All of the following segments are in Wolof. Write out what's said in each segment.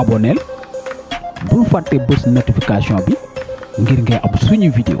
aboneel bul fàtte bés notification bi ngir ngay am suñu vidéo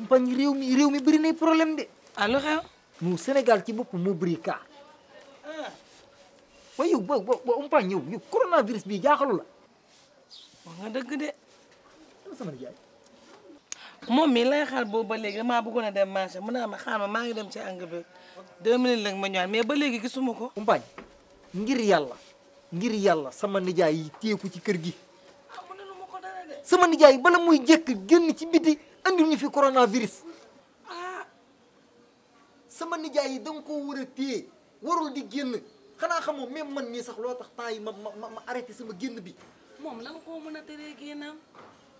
umpan pagne mi réew mi bari nay problème de alo anu, xew mu sénégal ci bu, mu bari ka ah. way yu ba ba kan, umpan pagne yu corona virus bi jaaxalu la wax nga de sama jaay moom mi lay xal boobu ba léegi damaa bëggoon dem marché mu ma xaar ma ngi dem ci àgg bi deux minutes lañ ma ñëwaat mais ba léegi gisuma ko umpañ ngir yàlla ngir sama nijaay yi téeku ci sama nijaay bala muy jek genn ci biti andi ñu fi coronavirus ah. sama nijaay dang ko wura koo warul di genn xana xamoo même man ni sax lo tax tay ma ma ma arrêté sama genn bi. mom lan ko mëna téré gennam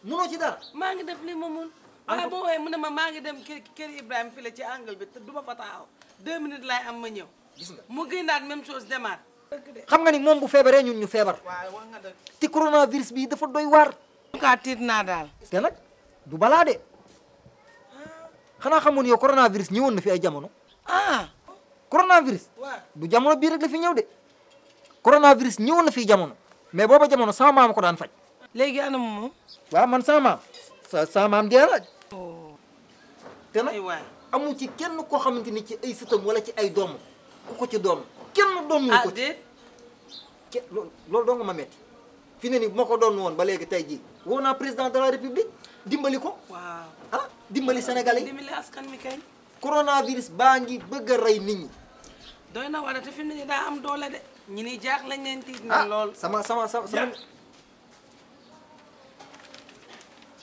mëno ci dara. ma nga def li ma mun. bo way mëna ma ma nga dem kër kër Ibrahima fii la ci angle bi te duma ma fa taxaw deux minutes lay am ma ñew mu génnaat même chose demaat. xam nga ni mom bu feebaree ya, ñun ñu fébar waaw wax nga dëgg. te coronavirus bi dafa doy war ka tiit naa daal. te nag du balaa de xanaa xamoon yow coronavirus ñëwoon na fi ay jamono. ah. coronavirus. bu du jamono bii rek la fi ñëw de. coronavirus ñëwoon na fi jamono. mais booba jamono sama maam ko daan faj. léegi anam moom. waaw man sama maam. sa sama maam dee la. te amu ci kenn koo xamante ni ci ay sëtam wala ci ay doomam ku ko ci doom kenn doom ñu ko ci. ah déet. ma metti fi ne nii bu ma ko doon woon ba léegi tey jii woo naa président de la république dimbali ko. waaw ah dimbali sénégalais yi dimbali askan mi kay. coronavirus baa ngi bëgg a rey nit ñi. doy na war a te fi ne nii daa am doole de. ñi ni jaax lañ leen tiit na ah, lool. sama sama sama sama.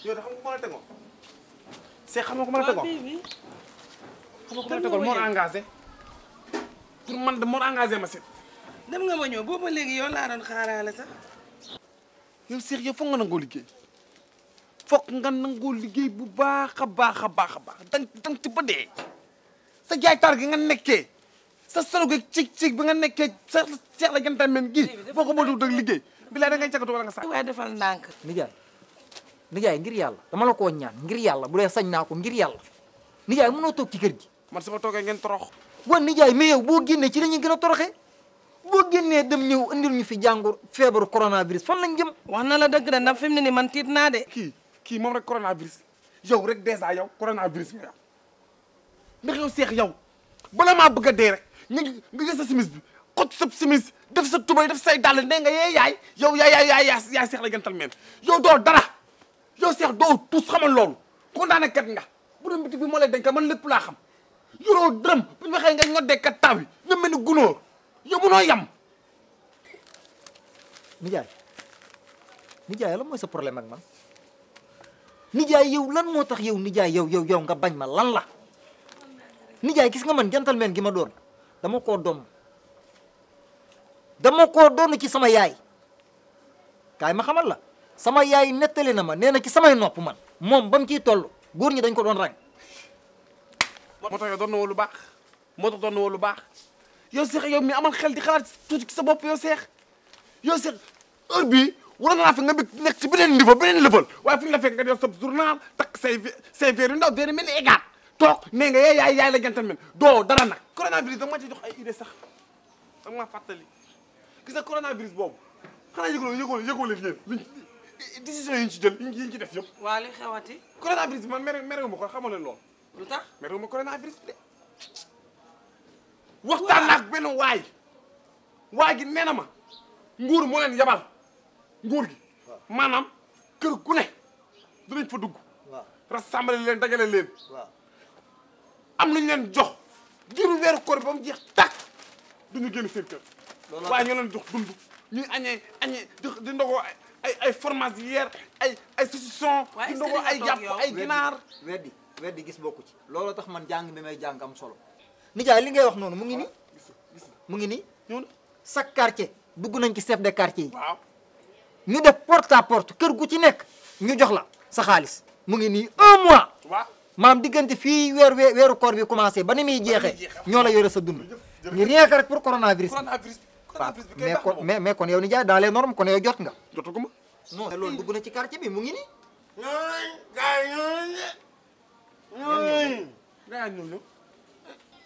yow de xam ku mën a tegoo. c'est xam nga engagé. man de moo engagé ma si. dem nga ma ñëw boobu léegi yow laa doon xaaraale sax. yow Cheikh yow foog nga nangou liggey foog nga nangou liggey bu baakha baakha baakha a dang dang ci ba sa jaay taar gi nga nekké sa solo gi cig cig bi nga nekké sa Cheikh la gënta men gi boo ko do dag bi la da ngay cagatu wala nga sax way defal ndànk nijaay nijaay ngir yalla dama la ko ñaan ngir yalla bu lay sañ na ko ngir yàlla nijaay mëno tok ci kër gi man sama toogee ngeen torox wan nijaay mi yow bo génnee ci lañu gëna toroxé boo génnee dem ñëw indil ñu fi jàngor feebaru coronavirus fan lañ jëm. wax na la dëgg de ndax fi ne man tiit naa de. kii kii moom rek coronavirus yow rek dèjà yow coronavirus nga am ndax seex yow bala maa bëgg a dee rek nga nga jël sa simis bi xot sa simis def sa tubay def say dàll ne nga yee yaay yow yaay yaay yaay yaa seex la gëntal meen yow doo dara yow seex doo tus xamal loolu kondaane kat nga bu doon bitig bi moo lay man lépp laa xam yoroo dërëm bu ñu waxee nga ñoddee kat taw yi nga mel gunóor. yow munoo yam. nijaay nijaay lan mooy sa problème ak man nijaay yow lan moo tax yow nijaay yow yow yow nga bañ ma lan la nijaay gis nga man gentleman gi ma doon dama koo dom dama koo doon ci sama yaay kaay ma xamal la sama yaay nettali na ma nee na ci samay nopp man moom ba mu ciy toll góor ñi dañ ko doon rang. moo tax yow doon na woo lu baax moo tax doon na woo lu baax. يوسف يا مي امال خالدي خلاص توجك سبب يوسف يوسف ابي ولا نعرف نبك نكتب لين ليفل بين ليفل واقف لا فين غادي يصب زورنال تك سيفي سيفي رندو ديري من ايغار توك مي يا يا يا لا جنتلمان دو دارا نا كورونا فيروس ما تجي اي دي صح ما فاتلي كيزا كورونا فيروس بوب خنا يقولوا يقولوا يقولوا لي ديسيجن ينجي ديال ينجي ينجي داف يوب والي خواتي كورونا فيروس ما مريو مكو خامو لول لوتا مريو مكو كورونا فيروس waxtaan naa ak benn waay waay gi nee nguur moo leen yabal nguur gi maanaam kër gu ne dinañ fa dugg rassemble leen dajale leen am nañ leen jox diiru weeru koor bi ba mu jeex tàkk duñu génn seen kër waaye ñoo leen jox dund ñuy añee añee di ndogoo ay ay fromage hier ay ay saucisson di ndogoo ay yàpp ay ginaar weddi weddi gis bokku ci looloo tax man jàng bi may jàng solo nijaay li ngay wax noonu mu ngi nii mu ngi nii sa quartier dugg nañ ci chef de quartier yi ñu def port à porte kër gu ci nekk ñu jox la sa xaalis mu ngi nii un mois maam diggante fii weer weeru koor bi commencé ba ni mi jeexee ñoo la yore sa dund ñu rien que rek pour coronavirus bi mais kon mais mais kon yow nijaay dans les normes kon yow jot nga jotaguma non loolu dugg na ci quartier bi mu ngi nii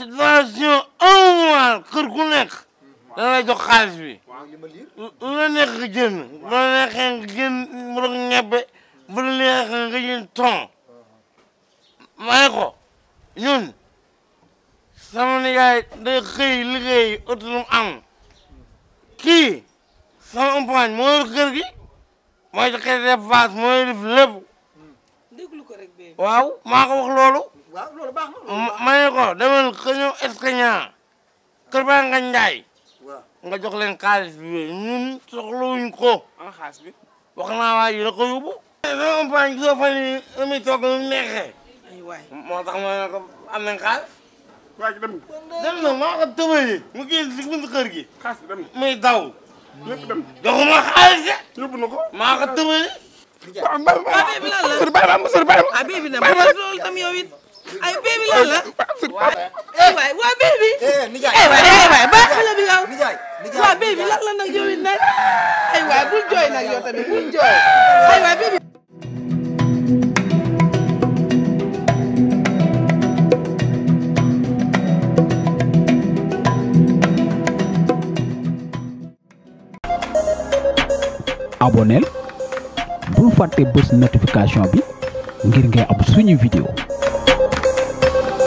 ci donation un kër ku nekk da lay jox xaalis bi la neex nga la neexee nga jënd mu doon ñebbe bu la neexee nga jënd ko ñun sama nijaay day xëy liggéey ut lu mu am kii sama umpaañ moo yor kër gi mooy joxe dépense mooy def lépp déglu ko rek waaw maa ko wax loolu. waaw loolu baax na. ma ne ko demal ka ñëw Escania kër ba nga Njaay. waaw nga jox leen xaalis bi ñun soxlawuñ ko. ana bi. wax naa waa ji la ko yóbbu. mais on pense que fan yii nu muy toog ma ne na maa ko tëbëyee. mu génn si buntu kër gi. xaalis bi dem na muy daw. maa ko tëbëyee. waaw mbay ma sori bàyyi ma am sori bàyyi ma. ah béy bi nag man loolu tam yow it ay béy bi lan la. waaw waay waa béy bi. nijaay waay waay ba xale bi yow. nijaay nijaay waa béy bi lan la nag yow it nag. ay waay bul jooy nag yow tamit bul jooy ay waay béy bi. abonneel bul fàtte bés notification bi ngir ngay am suñu vidéo